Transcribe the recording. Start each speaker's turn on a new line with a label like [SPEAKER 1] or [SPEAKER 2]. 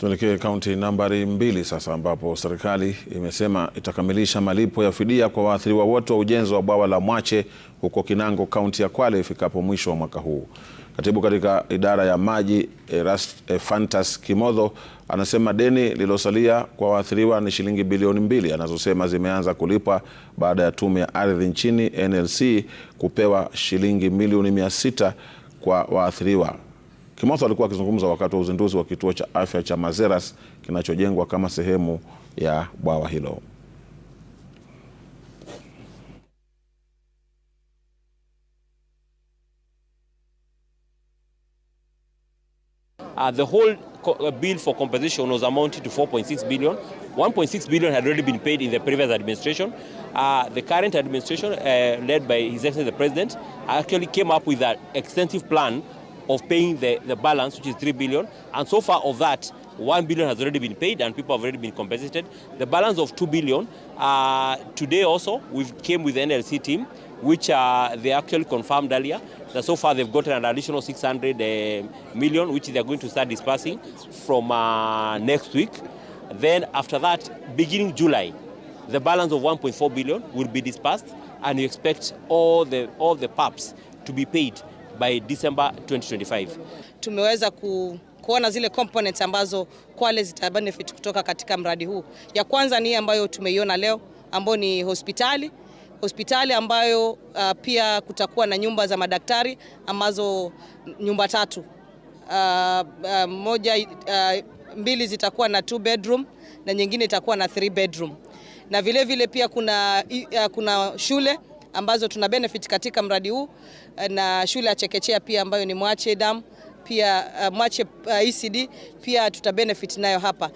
[SPEAKER 1] Tuelekee kaunti nambari mbili sasa ambapo serikali imesema itakamilisha malipo ya fidia kwa waathiriwa wote wa ujenzi wa bwawa la Mwache huko Kinango, kaunti ya Kwale ifikapo mwisho wa mwaka huu. Katibu katika idara ya maji fantas kimodho anasema deni lililosalia kwa waathiriwa ni shilingi bilioni mbili anazosema zimeanza kulipwa baada ya tume ya ardhi nchini NLC kupewa shilingi milioni mia sita kwa waathiriwa. Kimotho alikuwa akizungumza wakati wa uzinduzi wa kituo cha afya cha Mazeras kinachojengwa kama sehemu ya bwawa hilo.
[SPEAKER 2] Uh, the whole uh, bill for compensation was amounted to 4.6 billion. 1.6 billion had already been paid in the previous administration. Uh, the current administration, uh, led by His Excellency the President, actually came up with an extensive plan of paying the, the balance, which is 3 billion. And so far of that, 1 billion has already been paid and people have already been compensated. The balance of 2 billion, uh, today also, we came with the NLC team, which uh, they actually confirmed earlier that so far they've gotten an additional 600 uh, million, which they're going to start dispersing from uh, next week. Then after that, beginning July, the balance of 1.4 billion will be dispersed and you expect all the, all the PAPs to be paid by December 2025.
[SPEAKER 3] Tumeweza ku kuona zile components ambazo Kwale zita benefit kutoka katika mradi huu. Ya kwanza ni ambayo tumeiona leo ambayo ni hospitali hospitali ambayo uh, pia kutakuwa na nyumba za madaktari ambazo nyumba tatu uh, uh, moja uh, mbili zitakuwa na two bedroom na nyingine itakuwa na three bedroom na vilevile vile pia kuna, uh, kuna shule ambazo tuna benefit katika mradi huu eh, na shule ya chekechea pia ambayo ni Mwache Dam pia uh, Mwache uh, eh, ECD pia tuta benefit nayo hapa.